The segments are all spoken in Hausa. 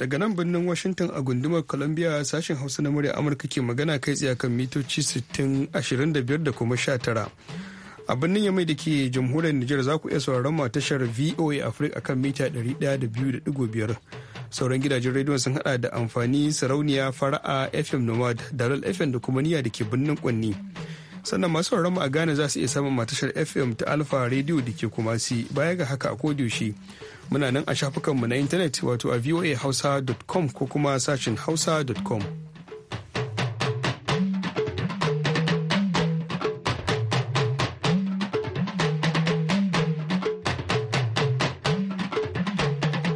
daga nan birnin washington a gundumar columbia sashen hausa na murya amurka ke magana kai tsaye kan mitoci 625 da kuma 19 a birnin yamai da ke jamhuriyar nijar za ku iya sauraron ma tashar voa africa akan mita 102.5 sauran gidajen rediyon sun hada da amfani sarauniya fara'a fm nomad dalal fm da kuma niya da ke birnin kwanni sannan masu mu a ghana za su iya samun matashar fm ta alfa rediyo da ke kumasi baya ga haka a kodiyoshi muna nan a shafukanmu na intanet wato a voahausa.com ko kuma sashin hausa.com.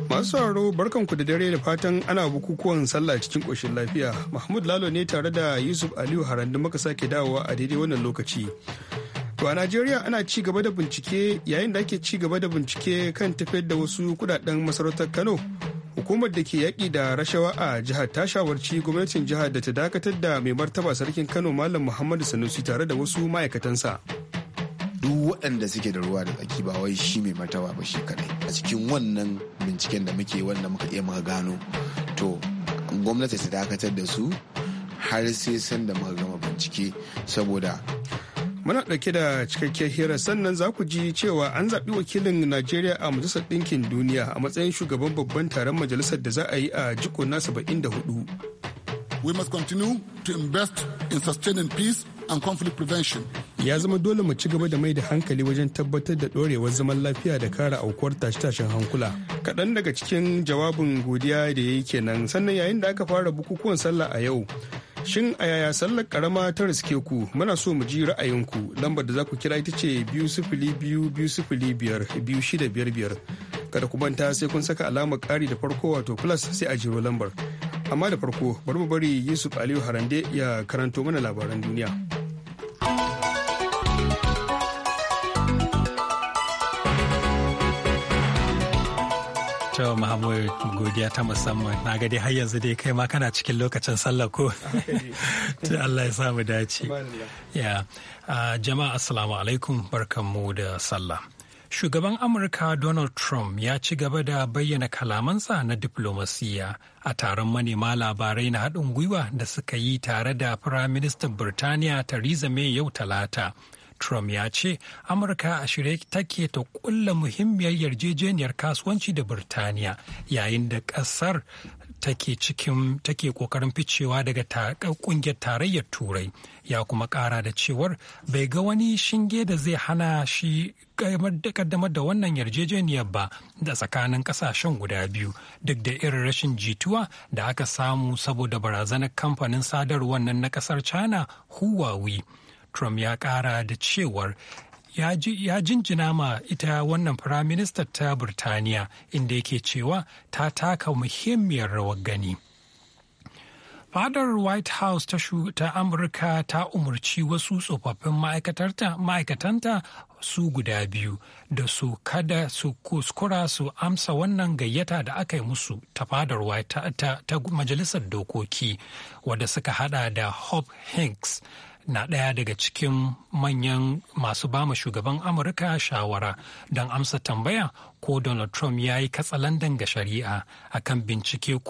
masu sauraro barkanku da dare da fatan ana bukukuwan sallah cikin ƙoshin lafiya mahmud lalo ne tare da yusuf aliyu harandu muka sake dawowa a daidai wannan lokaci To a Najeriya ana ci gaba da bincike yayin da ake ci gaba da bincike kan tafiyar da wasu kudaden masarautar Kano. Hukumar da ke yaƙi da rashawa a jihar ta shawarci gwamnatin jihar da ta dakatar da mai martaba sarkin Kano Malam Muhammadu Sanusi tare da wasu ma'aikatansa. Duk waɗanda suke da ruwa da tsaki ba wai shi mai martaba ba shi kaɗai A cikin wannan binciken da muke wanda muka iya muka gano to gwamnati ta dakatar da su har sai sanda muka gama bincike saboda muna ɗauke da cikakkiyar hira sannan za ku ji cewa an zaɓi wakilin najeriya a majalisar ɗinkin duniya a matsayin shugaban babban taron majalisar da za a yi a jiko na hudu. we must continue to invest in sustaining peace and conflict prevention ya zama dole mu ci gaba da mai da hankali wajen tabbatar da ɗorewar zaman lafiya da kara aukuwar tashe-tashen hankula. Kaɗan daga cikin jawabin godiya da ya yi kenan sannan yayin da aka fara bukukuwan sallah a yau. Shin a yaya sallar karama ta riske ku muna so mu ji ra'ayinku lambar da za ku kira ita ce biyu sifili biyu biyu sifili biyar biyu shida biyar biyar. Kada ku manta sai kun saka alamar ƙari da farko wato plus sai a jiro lambar. Amma da farko bari mu bari Yusuf Aliyu Harande ya karanto mana labaran duniya. To Muhammad godiya ta musamman na gadi har yanzu dai kai ma kana cikin lokacin sallah ko to Allah ya sa mu dace. Ya jama'a assalamu alaikum barkanmu da sallah. Shugaban Amurka Donald Trump ya ci gaba da bayyana kalamansa na diplomasiya a taron manema labarai na haɗin gwiwa da suka yi tare da Firaministan Birtaniya Theresa May yau Talata Trump ya ce Amurka a shirye take ta kulla muhimmiyar yarjejeniyar kasuwanci da Birtaniya yayin da ƙasar take cikin take kokarin ficewa daga kungiyar tarayyar turai ya kuma kara da cewar bai ga wani shinge da zai hana shi kaddamar da wannan yarjejeniyar ba da tsakanin kasashen guda biyu duk da irin rashin jituwa da aka samu saboda barazanar kamfanin sadarwar nan na kasar china huwawi Trump ya ƙara da cewar ya jinjina ma ita wannan firaministan ta Burtaniya inda yake cewa ta taka muhimmiyar rawar gani. Fadar White House ta ta Amurka ta umarci wasu tsofaffin ma'aikatanta su guda biyu da su kada su kuskura su amsa wannan gayyata da aka yi musu ta fadar ta, ta majalisar dokoki wadda suka hada da Hope Hanks na ɗaya daga cikin manyan masu bama shugaban amurka shawara don amsa tambaya ko donald trump ya yi katsalandan ga shari'a akan bincike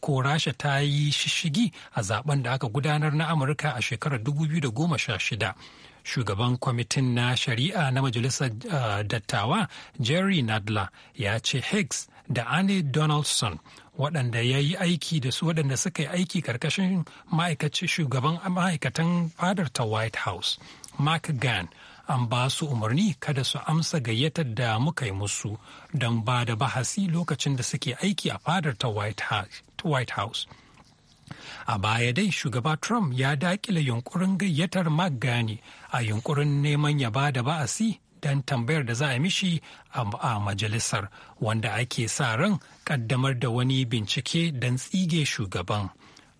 ko rasha ta yi shishigi a zaben da aka gudanar na amurka a shekarar 2016 shugaban kwamitin na shari'a na majalisar uh, dattawa jerry nadler ya ce higgs da annie donaldson waɗanda ya yi aiki da su waɗanda suka yi aiki karkashin ma'aikacin shugaban ma'aikatan fadar ta white house mark gan an ba su umarni kada su amsa gayyatar da muka yi musu don ba da bahasi lokacin da suke aiki a fadar ta white house a baya dai shugaba trump ya daƙile yunkurin gayyatar mark a yunkurin neman ya ba da ba'asi don tambayar da za a mishi a majalisar wanda ake sa ran kaddamar da wani bincike don tsige shugaban.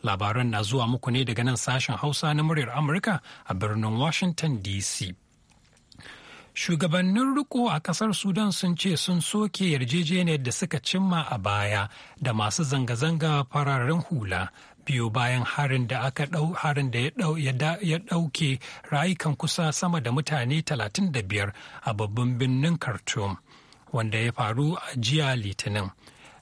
Labaran na zuwa muku ne daga nan sashen Hausa na muryar Amurka a birnin Washington DC. Shugabannin riko a kasar Sudan sun ce sun soke yarjejeniyar da suka cimma a baya da masu zanga-zanga fararen hula biyu bayan harin da aka dau harin da ya dauke rayukan kusa sama da mutane 35 a babban birnin Khartoum wanda ya faru a jiya Litinin.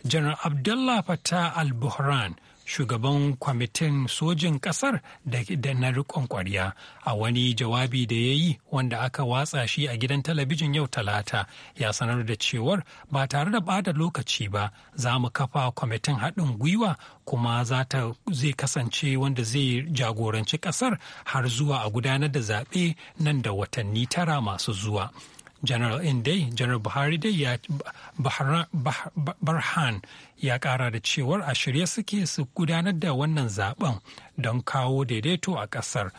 Janar Abdullah Fattah al-Buhran shugaban kwamitin sojin ƙasar da na rikon ƙwarya a wani jawabi da ya yi wanda aka watsa shi a gidan talabijin yau talata ya sanar da cewar ba tare da bada lokaci ba za mu kafa kwamitin haɗin gwiwa kuma za ta zai kasance wanda zai jagoranci ƙasar har zuwa a gudanar da zaɓe nan da watanni tara masu zuwa. general in dai general buhari dai ya barhan ya kara da cewar a shirye suke su gudanar da wannan zaben don kawo daidaito a kasar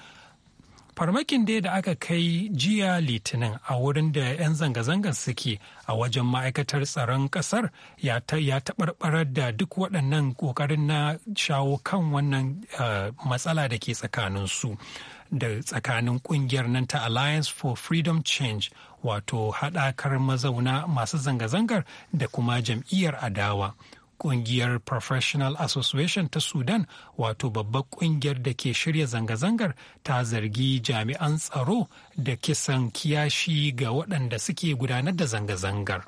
farmakin dai da aka kai jiya litinin a wurin da 'yan zanga zanga suke a wajen ma'aikatar tsaron kasar ya taɓarɓarar da duk waɗannan ƙoƙarin na shawo kan wannan eh, matsala da ke su. da tsakanin kungiyar nan ta alliance for freedom change wato haɗakar mazauna masu zanga-zangar da kuma jam'iyyar adawa ƙungiyar professional association ta sudan wato babbar ƙungiyar da ke shirya zanga-zangar ta zargi jami'an tsaro da kisan kiyashi ga waɗanda suke gudanar da zanga-zangar.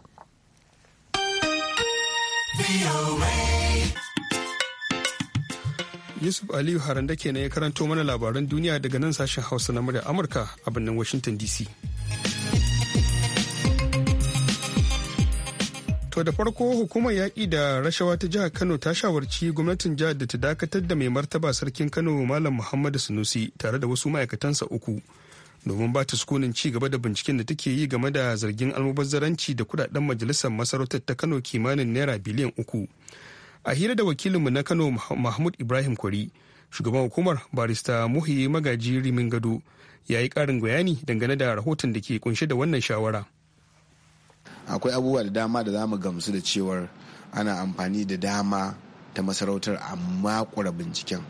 Yusuf Aliyu Haranda kenan ya karanto mana labaran duniya daga nan sashen Hausa na murya Amurka a birnin Washington DC. To da farko hukumar yaƙi da rashawa ta jihar Kano ta shawarci gwamnatin jihar da ta dakatar da mai martaba sarkin Kano Malam Muhammadu Sunusi tare da wasu ma'aikatansa uku domin ba ta sukunin ci gaba da binciken da take yi game da zargin almubazzaranci da kudaden majalisar masarautar ta Kano kimanin naira biliyan uku. a hira da wakilinmu na kano mahmud ibrahim kwari shugaban hukumar barista muhi magaji rimin gado ya yi karin bayani dangane da rahoton da ke kunshe da wannan shawara akwai abubuwa da dama da za mu gamsu da cewar ana amfani da dama ta masarautar amma kura binciken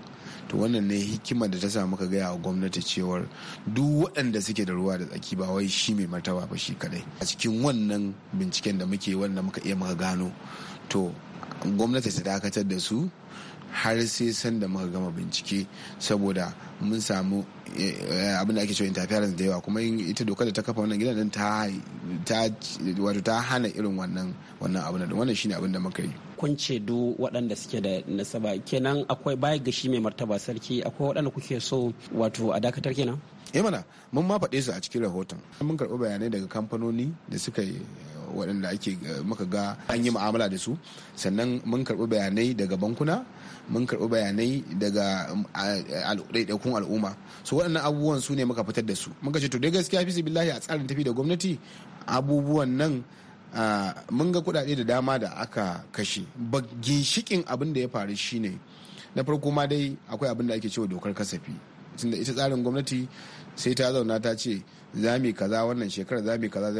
to wannan ne hikimar da ta sa muka gaya wa gwamnati cewar duk waɗanda suke da ruwa da tsaki ba wai shi mai martaba ba shi kadai a cikin wannan binciken da muke wanda muka iya muka gano to gwamnati ta dakatar da su har sai sanda muka gama bincike saboda mun samu eh, abin da ake cewa interference da yawa kuma ita dokar da ta kafa wannan gidan ta wato ta hana irin wannan wannan abin da wannan shine abin da muka yi kun ce du waɗanda suke da nasaba kenan akwai baya ga shi mai martaba sarki akwai waɗanda kuke so wato a dakatar kenan eh mana mun ma faɗe su a cikin rahoton mun karɓi bayanai daga kamfanoni da suka yi waɗanda ake eh, muka ga an yi mu'amala da su sannan mun karɓi bayanai daga bankuna mun karɓi bayanai daga mm, ɗaiɗaikun al'umma su waɗannan abubuwan su ne muka fitar da su muka ce to dai gaskiya fi billahi a tsarin tafi da gwamnati abubuwan nan mun ga kuɗaɗe da dama da aka kashe ba ginshikin abin da ya faru shine na farko ma dai akwai abin da ake cewa dokar kasafi tunda ita tsarin gwamnati sai ta zauna ta ce za kaza wannan shekara za mu kaza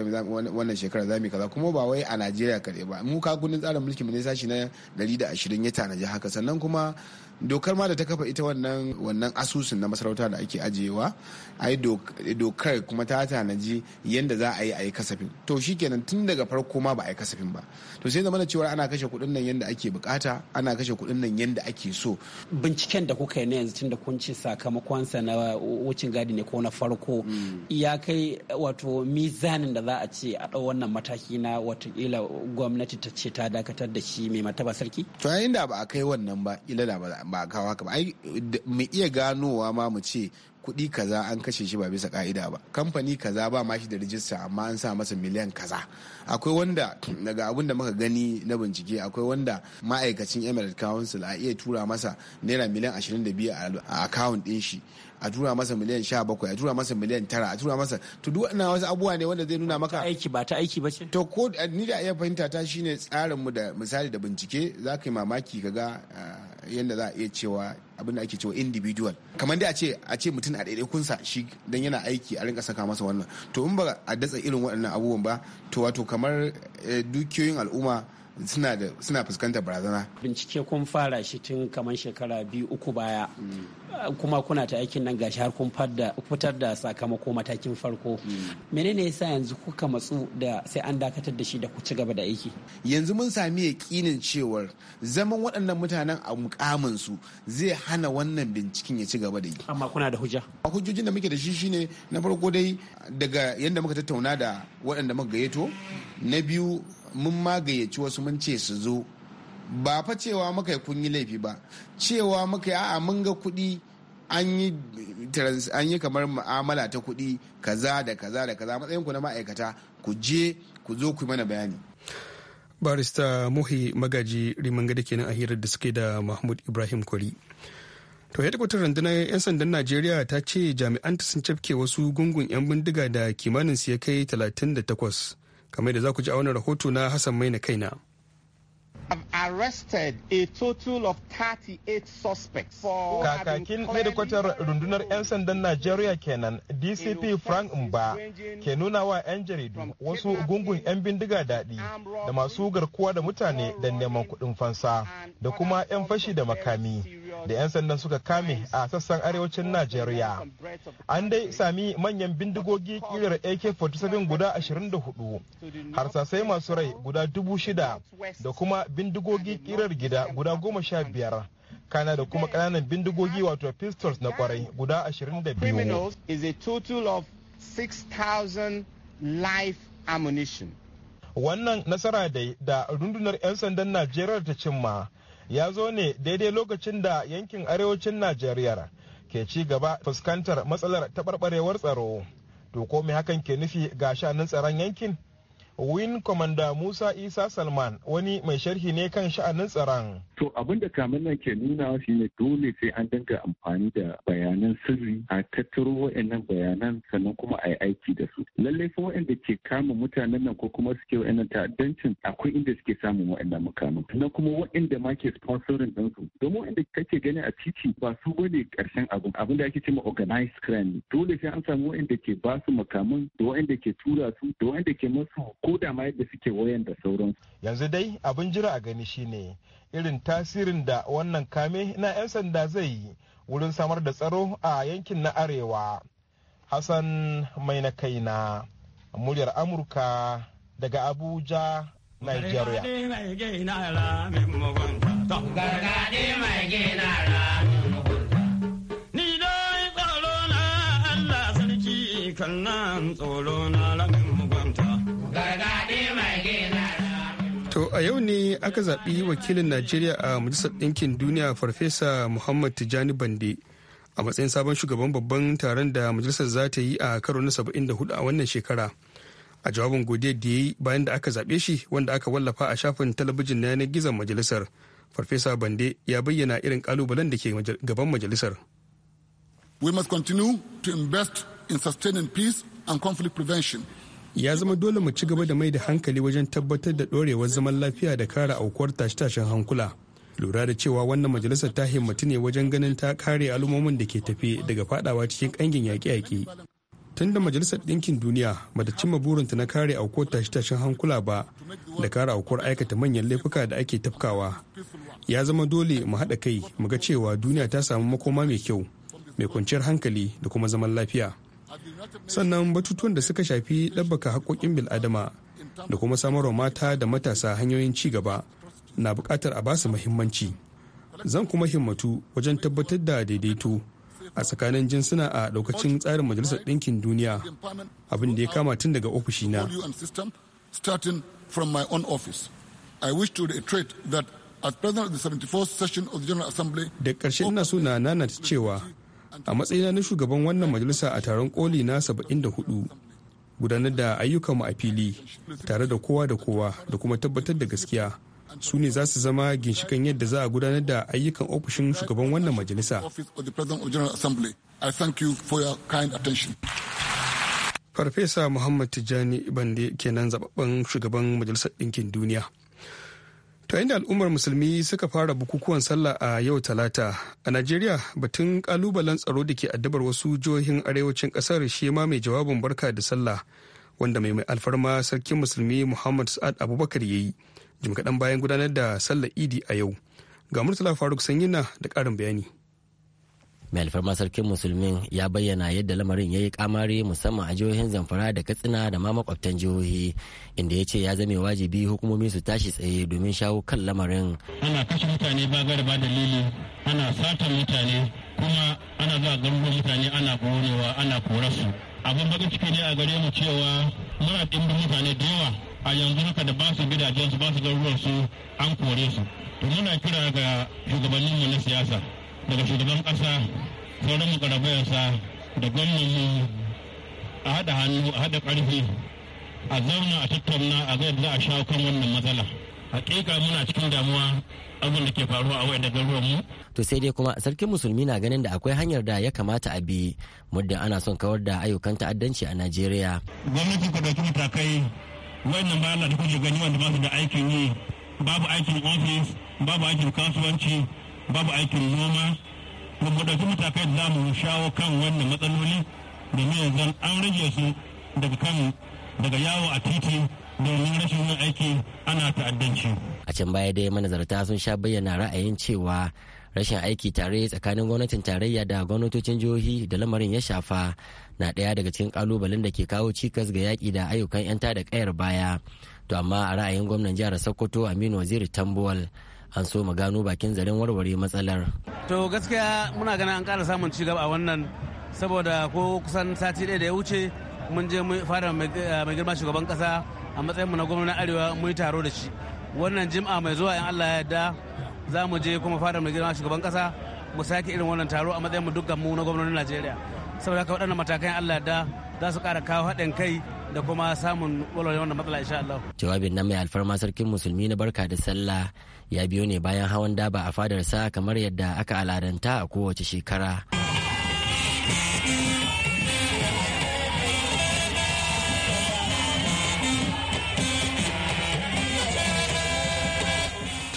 wannan shekara za kaza kuma ba wai a Najeriya kaɗai ba mu ka kundin tsarin mulki ne sashi na 120 ya tanaji haka sannan kuma dokar ma da ta kafa ita wannan wannan asusun na masarauta da ake ajiyewa ai dokar kuma ta tanaji yadda za a yi a yi kasafin to shikenan tun daga farko ma ba a yi kasafin ba to sai zama da cewa ana kashe kuɗin nan yadda ake bukata ana kashe kuɗin nan yadda ake so binciken da kuka yi na yanzu tun da kun ci sakamakonsa na wucin gadi ne ko na farko hmm. ya kai wato mizanin da za a ce a ɗau wannan mataki na watakila gwamnati ta ce ta dakatar da shi mai mataba sarki to yayin da ba a kai wannan ba ila da ba ba kawo haka ba ai mu iya ganowa ma mu ce kuɗi kaza an kashe shi ba bisa ka'ida ba kamfani kaza ba ma shi da rijista amma an sa masa miliyan kaza akwai wanda daga abin da muka gani na bincike akwai wanda ma'aikacin emirate council a iya tura masa naira miliyan 22 a account ɗin shi a tura masa miliyan sha bakwai a tura masa miliyan tara a tura masa to duk wannan wasu abubuwa ne wanda zai nuna maka aiki ba ta aiki ba ce to ko ni da iya fahimta ta shine tsarin mu da misali da bincike za yi mamaki ka ga yadda za a iya cewa abin ake cewa individual kamar dai a ce a ce mutum a kunsa shi dan yana aiki a rinka saka masa wannan to in ba a datsa irin waɗannan abubuwan ba to wato kamar eh, dukiyoyin al'umma suna fuskantar barazana bincike kun fara shi tun kamar shekara biyu uku baya mm. kuma kuna ta aikin nan gashi har kun fitar da sakamako matakin farko mm. menene yasa yanzu kuka matsu da sai an dakatar da shi da ku ci gaba da aiki yanzu mun sami yakinin cewar zaman waɗannan mutanen a mukamin su zai hana wannan binciken ya ci gaba da yi amma kuna da hujja a hujjojin da muke da shi shine na farko dai daga yadda muka tattauna da waɗanda muka gayyato na biyu mun magayyaci wasu mun ce su zo ba fa cewa muka kun yi laifi ba cewa muka yi a'a mun ga kuɗi an yi kamar mu'amala ta kuɗi kaza da kaza da kaza matsayin ku na ma'aikata ku je ku zo ku mana bayani barista muhi magaji riman gada kenan a hirar da suke da mahmud ibrahim kwari to ya takwatar rundunar 'yan sandan najeriya ta ce jami'an ta sun cafke wasu gungun 'yan bindiga da kimanin su ya kai 38 kamar da za ku ji a wannan rahoto na hassan maina kaina arrested a total of Kakakin hedikwatar rundunar 'yan sandan Najeriya kenan DCP Frank Mba ke nuna wa 'yan jaridu wasu gungun 'yan bindiga daɗi da masu garkuwa da mutane da neman kuɗin fansa da kuma 'yan fashi da makami. da 'yan sandan suka kame a sassan arewacin najeriya an dai sami manyan bindigogi kirar ak-47 guda 24 harsasai masu rai guda 6,000 da kuma bindigogi kirar gida guda 15 kana da kuma kananan bindigogi wato pistols na kwarai guda 22 ammunition. Wannan nasara dai da rundunar 'yan sandan Najeriya ta cimma ya zo ne daidai lokacin da yankin arewacin najeriya ke ci gaba fuskantar matsalar taɓarɓarewar tsaro to ko me hakan ke nufi ga shanun tsaron yankin Win Commander Musa Isa Salman wani mai sharhi ne kan sha'anin tsaron. To abin da kamun nan ke nuna shi ne dole sai an dinga amfani da bayanan sirri a tattaro wa'annan bayanan sannan kuma a yi aiki da su. Lallai fa wa'anda ke kama mutanen nan ko kuma suke wa'annan ta'addancin akwai inda suke samun wa'annan mukamin. Sannan kuma wa'anda ma ke sponsorin su, Domin wa'anda kake gani a titi ba su bane ƙarshen abin. Abin da ake cewa organized crime. Dole sai an samu wa'anda ke ba su makaman da wa'anda ke tura su da wa'anda ke masu ko da ma yadda suke wayan da sauran Yanzu dai abin jira a gani shine irin tasirin da wannan kame na 'yan sanda zai yi wurin samar da tsaro a yankin na arewa. Hassan mai na kaina muryar Amurka daga Abuja, Nigeria. Ni don Allah sarki kan nan tsoro a yau ne aka zaɓi wakilin Najeriya a Majalisar Ɗinkin Duniya Farfesa Muhammad Tijani Bande a matsayin sabon shugaban babban taron da majalisar za ta yi a karo na 74 a wannan shekara. A jawabin godiyar da ya yi bayan da aka zaɓe shi wanda aka wallafa a shafin talabijin na yanar gizon majalisar. Farfesa Bande ya bayyana irin ƙalubalen da ke gaban majalisar. We must continue to invest in sustaining peace and conflict prevention. ya zama dole mu ci gaba da mai da hankali wajen tabbatar da ɗorewar zaman lafiya da kare aukuwar tashe-tashen hankula lura da cewa wannan majalisar ta himmatu ne wajen ganin ta kare al'ummomin da ke tafi daga fadawa cikin kangin yaƙe-yaƙe tun da majalisar ɗinkin duniya bata cimma burinta na kare aukuwar tashe-tashen hankula ba da kare aukuwar aikata manyan laifuka da ake tafkawa ya zama dole mu haɗa kai mu ga cewa duniya ta samu makoma mai kyau mai kwanciyar hankali da kuma zaman lafiya sannan batutuwan da suka shafi ɗabbaka haƙoƙin bil'adama da kuma samarwa mata da matasa hanyoyin ci gaba na buƙatar a basu muhimmanci zan kuma himmatu wajen tabbatar da daidaito a tsakanin jinsuna a daukacin tsarin majalisar ɗinkin duniya abin da ya kama tun daga ofishina. Da ƙarshe ina so nanata cewa a matsayina na shugaban wannan majalisa a taron koli na 74 gudanar da ayyukanmu a fili tare da kowa da kowa da kuma tabbatar da gaskiya su ne za su zama ginshikan yadda za a gudanar da ayyukan ofishin shugaban wannan majalisa farfesa muhammad tijjani bande kenan zababben shugaban majalisar ɗinkin duniya ta inda al'ummar musulmi suka fara bukukuwan sallah a yau talata a najeriya batun kalubalen tsaro da ke addabar wasu jihohin arewacin kasar shi ma mai jawabin barka da sallah wanda mai mai alfarma sarkin musulmi muhammad sa'ad abubakar ya yi jim kaɗan bayan gudanar da sallar idi a yau ga murtala faruk sanyina da ƙarin bayani mai alfarma sarkin musulmin ya bayyana yadda lamarin ya yi kamari musamman a jihohin zamfara da katsina da ma makwabtan jihohi inda ya ce ya zame wajibi hukumomi su tashi tsaye domin shawo kan lamarin ana kashe mutane ba gari ba dalili ana satan mutane kuma ana zuwa garuruwan mutane ana korewa ana korarsu abin bakin ciki ne a gare mu cewa muna dimbin mutane da yawa a yanzu haka da ba su gidajensu ba su garuruwansu an kore su to muna kira ga shugabanninmu na siyasa daga shugaban kasa sauran yasa da mu a haɗa hannu a hada karfi a zauna a tattauna a ga za a shawo kan wannan matsala hakika muna cikin damuwa abin da ke faruwa a wayan garuruwan mu to sai dai kuma sarkin musulmi na ganin da akwai hanyar da ya kamata a bi muddin ana son kawar da ayyukan ta'addanci a Najeriya gwamnati ku dauki matakai ba na da kuke gani wanda ba su da aikin yi babu aikin ofis babu aikin kasuwanci babu aikin noma mu ɗauki matakai da mu shawo kan wannan matsaloli domin yanzu an rage su daga kan daga yawo a titi domin rashin yin aiki ana ta'addanci. A can baya dai manazarta sun sha bayyana ra'ayin cewa rashin aiki tare tsakanin gwamnatin tarayya da gwamnatocin jihohi da lamarin ya shafa na ɗaya daga cikin kalubalen da ke kawo cikas ga yaƙi da ayyukan yanta da kayar baya. To amma a ra'ayin gwamnan jihar Sokoto Aminu Waziri Tambuwal an so mu gano bakin zaren warware matsalar. To gaskiya muna ganin an ƙara samun cigaba a wannan saboda ko kusan sati ɗaya da ya wuce mun je fara eh, mai girma shugaban ƙasa a matsayin mu na gwamnan arewa mu yi taro da shi wannan jim'a mai zuwa in Allah ya yarda za mu je kuma fara mai girma shugaban ƙasa mu sake irin wannan taro a matsayin mu dukkan mu na gwamnonin Najeriya saboda haka waɗannan matakan Allah ya yarda za su ƙara kawo haɗin kai da kuma samun walwale wanda matsala insha Allah. Jawabin nan mai alfarma sarkin musulmi na barka da sallah ya biyo ne bayan hawan daba a fadarsa kamar yadda aka al'adanta a kowace shekara.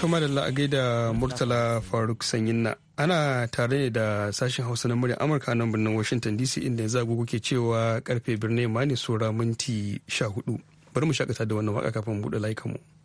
Tumar da la'agai da Murtala Faruk Sanyin ana tare da sashen hausa na muryar amurka nan birnin washington dc inda yanzu agogo ke cewa karfe birnin ma ne saura minti 14 bari mu shakata da wannan waka kafin buɗe layukanmu. mu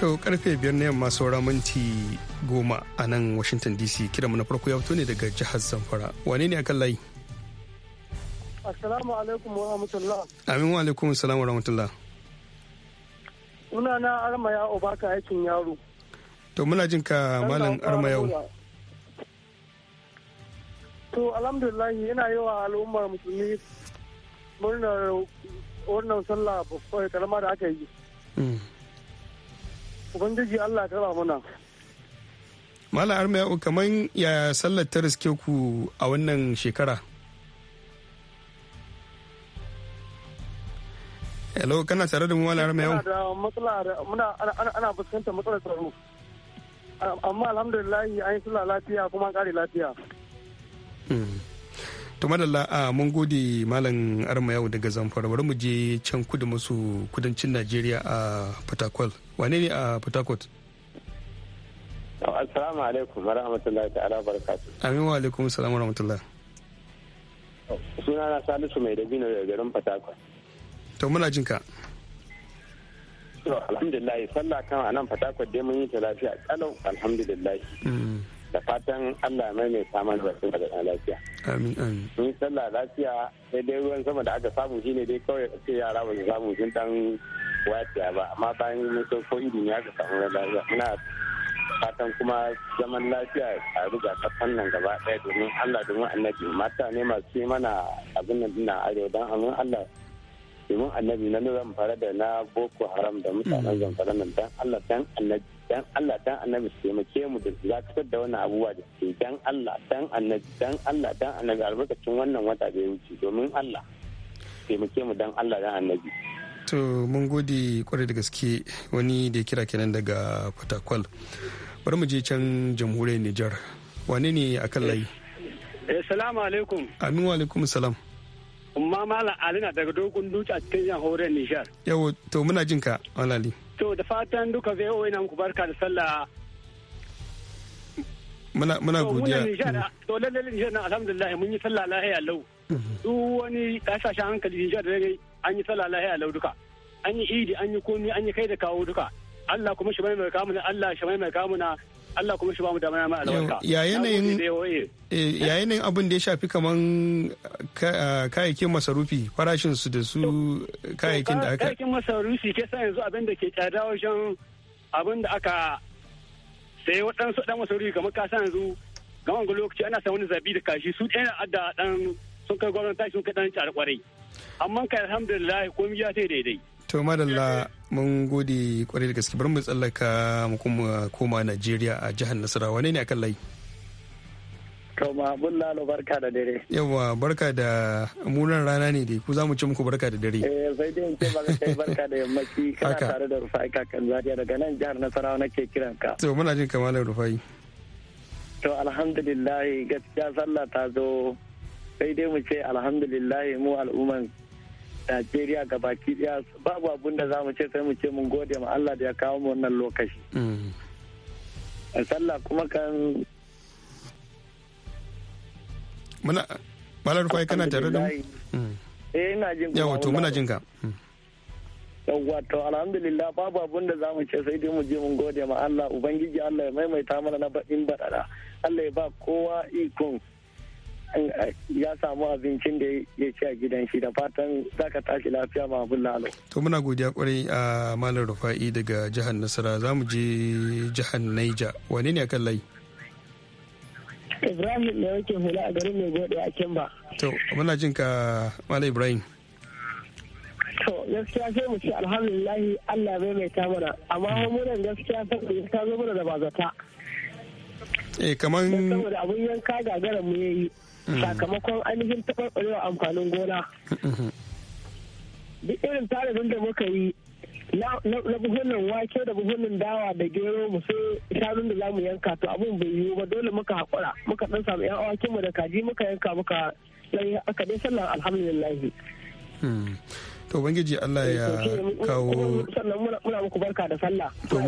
to karfe biyar na yamma saura minti goma a nan washington dc kira na farko ya fito ne daga jihar zamfara wane ne akan layi assalamu alaikum wa rahmatullah amin wa alaikum assalam wa rahmatullah muna na armaya obaka aikin yaro to muna jin ka malam armayau to alhamdulillah yana yi wa al'ummar musulmi murnar wannan sallah karama da aka yi mm. ubangiji allah ta ba muna. mala armiya kaman ya sallar ta riske ku a wannan shekara hello kana tare da mu mala armiya muna ana fuskantar matsalar tsaro amma alhamdulillah an yi sula lafiya kuma an kare lafiya hmm. to madalla a ah, mun gode malam arma yau daga zamfara bari mu je can kudu masu kudancin najeriya a fatakwal wane ne a fatakwal oh, assalamu alaikum wa rahmatullahi ta'ala barakatu amin wa alaikum assalamu wa rahmatullah oh, suna na salisu mai dabino daga garin fatakwal to muna jin ka alhamdulillah sallah kan nan fatakwal dai mun yi ta lafiya kalau alhamdulillah mm. da fatan Allah mai mai samun bakin daga ɗan lafiya. Amin amin. Mun sallah lafiya sai dai ruwan sama da aka samu shine dai kawai a yara ba su samu sun dan waciya ba amma bayan mun so ko idin ya ka samu lafiya muna fatan kuma zaman lafiya a riga ta fannin gaba ɗaya domin Allah domin annabi mata ne masu yi mana abin nan dina arewa don amin Allah domin annabi na nuna fara da na boko haram da mutanen mm. zamfara nan don Allah don annabi dan Allah dan annabi su taimake mu da dakatar da wannan abubuwa da suke dan Allah dan annabi dan Allah dan annabi albarkacin wannan wata da ya wuce domin Allah taimake mu dan Allah dan annabi to mun gode kwarai da gaske wani da ya kira kenan daga Fatakwal bari mu je can jamhuriyar Nijar wane ne akan layi Assalamu eh, alaikum. wa alaikum salam. Umma Malam Ali na daga dogon duci a cikin yan Nijar. Yau to muna jin ka Malali. To da fatan duka VOA na muku barka da sallah. Muna muna godiya. To lalle Nijar na alhamdulillah mun yi sallah lahiya lau. Duk wani kasashen hankali Nijar da an yi sallah lahiya lau duka. An yi idi an yi komi an yi kai da kawo duka. Allah kuma shi mai mai kamuna Allah shi mai mai kamuna Allah kuma shi ba mu da mai albarka. Ya yanayin eh, ya abin da ya shafi kaman ah, kayayyakin masarufi farashin su da su kayayyakin da aka. Kayayyakin masarufi ke sa yanzu abin da ke tsada wajen abin da aka sai waɗansu ɗan masarufi kamar ka sa yanzu ga ga lokaci ana samun wani zabi da kashi su ɗaya da ɗan sun kai gwamnati sun kai ɗan tsare kwarai. Amma kai alhamdulillah komai ya yi daidai. to madalla mun gode kwarai da gaske bari mu tsallaka mu kuma koma najeriya a jihar nasarawa ne ne akan layi mun lalo barka da dare. Yawa barka da munan rana ne dai ku za mu ci muku barka da dare. Eh sai dai in ce baka kai barka da yammaci kana tare da Rufai kakan Zaria daga nan jihar Nasarawa nake kiran ka. To muna jin kamalan Rufai. To alhamdulillah gaskiya sallah ta zo sai dai mu ce alhamdulillah mu al'umman Najeriya gabaki daya babu abun da zamu ce sai mu ce mun gode ma Allah da ya kawo mu wannan lokaci. Sallah kuma kan Muna Malar kwai kana tare da mu? Mm. Eh ina jin ka. Yawa muna jin ka. Mm. Yawwa to alhamdulillah babu abun da zamu ce sai dai mu je mun gode ma Allah ubangiji Allah ya maimaita mana na baɗin baɗaɗa. Allah ya ba kowa ikon ya samu abincin da ya ci a gidan shi da fatan za ka tashi lafiya ma abin lalo. To muna godiya kwarai a Malam Rufa'i daga jihar Nasara za mu je jihar Naija wane ne akan layi? Ibrahim ne yake hula a garin mai gode a Kimba. To muna jin ka Malam Ibrahim. to gaskiya sai mu ce alhamdulillahi Allah bai mai ta mana amma munan gaskiya saboda ta zo mana da bazata eh kaman saboda abun yanka gagaran mu yayi Mm-hmm. sakamakon ainihin taɓarɓarewa amfanin gona mm-hmm. duk irin tare da muka yi na buhunan wake da buhunan dawa da gero mu sai shanun da zamu yanka to abun bai yiwu ba dole muka haƙura muka ɗan samu yan awakin mu da kaji muka yanka muka aka dai sallan alhamdulillah hmm. to bangiji Allah ya eh, kawo eh, to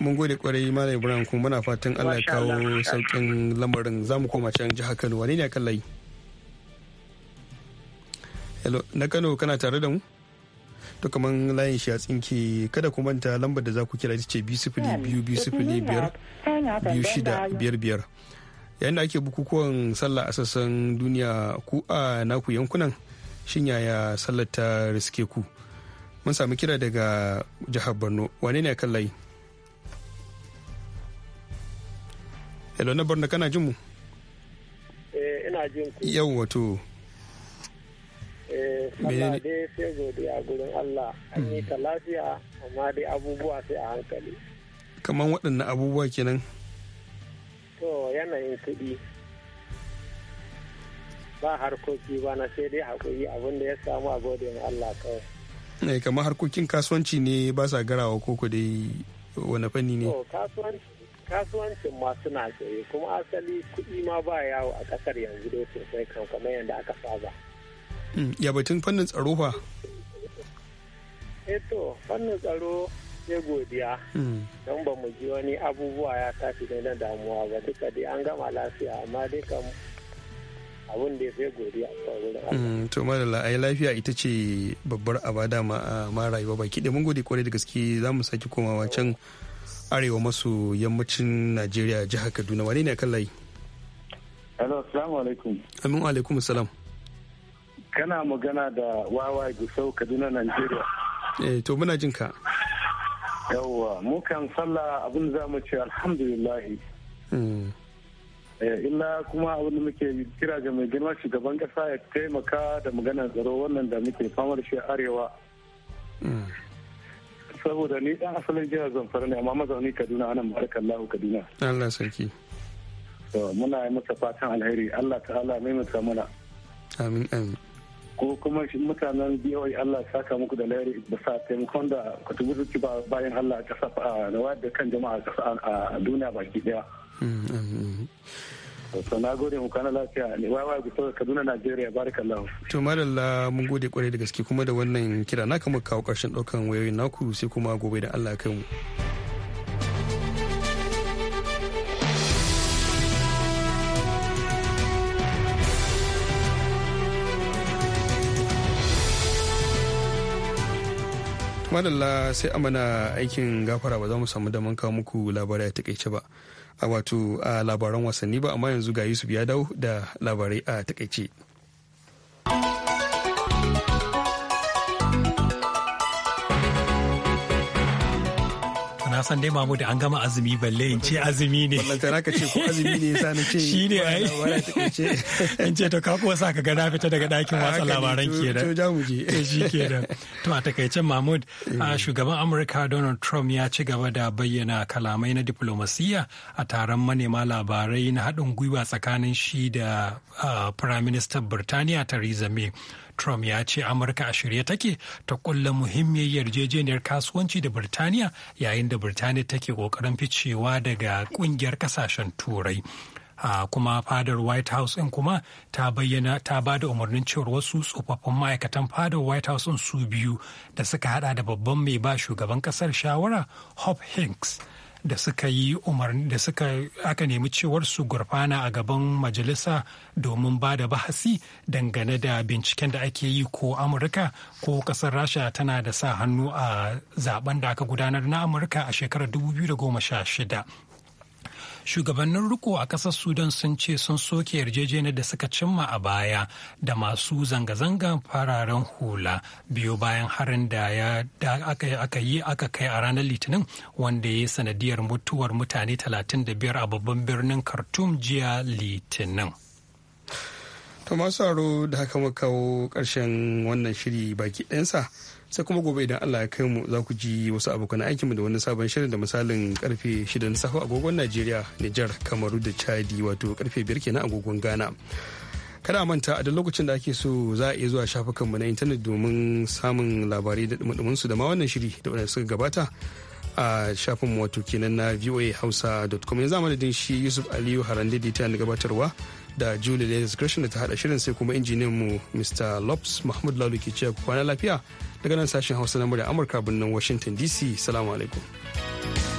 mun gode kwarai malam Ibrahim kuma muna fatan Allah ya kawo saukin lamarin zamu koma can jihar Kano wani ne kan layi hello na Kano kana tare da mu to kaman layin shi a tsinke kada ku manta lambar da za ku kira ita ce biyu sifili biyu biyu sifili biyar biyu shida biyar biyar yayin da ake bukukuwan sallah a sassan duniya ku a naku yankunan shin yaya sallar ta riske ku mun sami kira daga jihar borno wane ne kan layi hello na borno kana jin mu eh ina jin ku yau wato eh dai sai godiya gurin Allah an yi ta hmm. lafiya amma dai abubuwa sai a hankali kaman waɗannan abubuwa kenan to yanayin kuɗi ba harkoki ba na sai dai hakuri abin da ya samu a gode ma Allah kawai eh, kamar harkokin kasuwanci ne ba sa garawa koko dai wani fanni ne kasuwancin ma suna tsaye kuma asali kuɗi ma ba yawo a ƙasar yanzu dai sosai kan kamar yadda aka saba hmm, ya batun fannin tsaro fa eto eh fannin tsaro sai godiya hmm. don ba mu ji wani abubuwa ya tashi da na damuwa ba duka dai an gama lafiya amma dai kan abin da ya sai godiya a wurin mm, to madalla ai lafiya ita ce babbar abada ma a ma rayuwa baki da mun gode kwarai da gaske za mu saki komawa can arewa maso yammacin Najeriya jihar Kaduna wane ne kan layi Hello assalamu alaikum Amin alaikum salam kana magana da wawa gusau Kaduna Najeriya eh to muna jin ka yawwa mu kan sallah abin za mu ce alhamdulillah mm. Eh, illa kuma abinda muke kira ga mai girma shugaban kasa ya taimaka da magana tsaro wannan da muke famar shi arewa mm. saboda ni dan asalin jihar zamfara ne amma mazauni kaduna anan barakallahu kaduna allah sarki muna yi masa fatan alheri allah ta'ala maimaita mana amin amin ko kuma shi mutanen biyawai allah saka muku da lahiri ba sa taimakon da ku tubu bayan allah a kasa da wayar da kan jama'a a duniya baki daya to na gode mu kana lafiya ne wawa kaduna najeriya barakallahu madalla mun gode kwarai da gaske kuma da wannan kira na kama kawo karshen ɗaukan wayoyin naku sai kuma gobe da allah kai mu madalla sai amana aikin gafara ba za mu samu daman kawo muku labarai a takaice ba a wato a labaran wasanni ba amma yanzu ga yusuf ya dawo da labarai a takaice. san dai mamu da an gama azumi balle in ce azumi ne ballantana ka ce ko azumi ne yasa na ce shi ne ai in ce to ka kuwa sa ka ga na fita daga dakin watsa labaran kenan to to a takaicen mahmud eh. shugaban amurka donald trump ya ci gaba da bayyana kalamai na diplomasiya a taron manema labarai na haɗin gwiwa tsakanin shi da firaministan birtaniya theresa may Trump ya ce Amurka a shirye take ta kulla muhimmiyar yarjejeniyar kasuwanci da Birtaniya yayin da Birtaniya take kokarin ficewa daga kungiyar kasashen Turai. Uh, kuma fadar white house ɗin kuma ta bayyana ta ba da umarnin cewar wasu tsofaffin ma'aikatan fadar white house in su biyu da suka hada da babban mai ba shugaban kasar shawara hop hinks da suka yi umarni da suka aka nemi cewar su gurfana a gaban majalisa domin ba da bahasi dangane da binciken da ake yi ko amurka ko kasar rasha tana da sa hannu a zaben da aka gudanar na amurka a shekarar 2016 shugabannin riko a kasar sudan sun ce sun soke yarjejeniyar da suka cimma a baya da masu zanga zanga fararen hula biyu bayan harin da aka yi aka kai a ranar litinin wanda ya yi sanadiyar mutuwar mutane 35 a babban birnin khartoum jiya litinin to masu da haka muka kawo ƙarshen wannan shiri baki ɗansa sai kuma gobe idan Allah ya kai mu za ku ji wasu abokan aikinmu da wani sabon shirin da misalin karfe 6 na safe agogon Najeriya, Nijar, Kamaru da Chadi wato karfe 5 kenan agogon Ghana. Kada manta a duk lokacin da ake so za a iya zuwa shafukanmu na intanet domin samun labarai da dumin su da ma wannan shiri da wadanda suka gabata a shafin wato kenan na voahausa.com yanzu da shi yusuf aliyu harande da ta gabatarwa da julie ladies gresham da ta hada shirin sai kuma injiniyan mu mr lobs mahmud lalu ke cewa kwana lafiya daga nan sashen hausa na murya amurka birnin washington dc salamu alaikum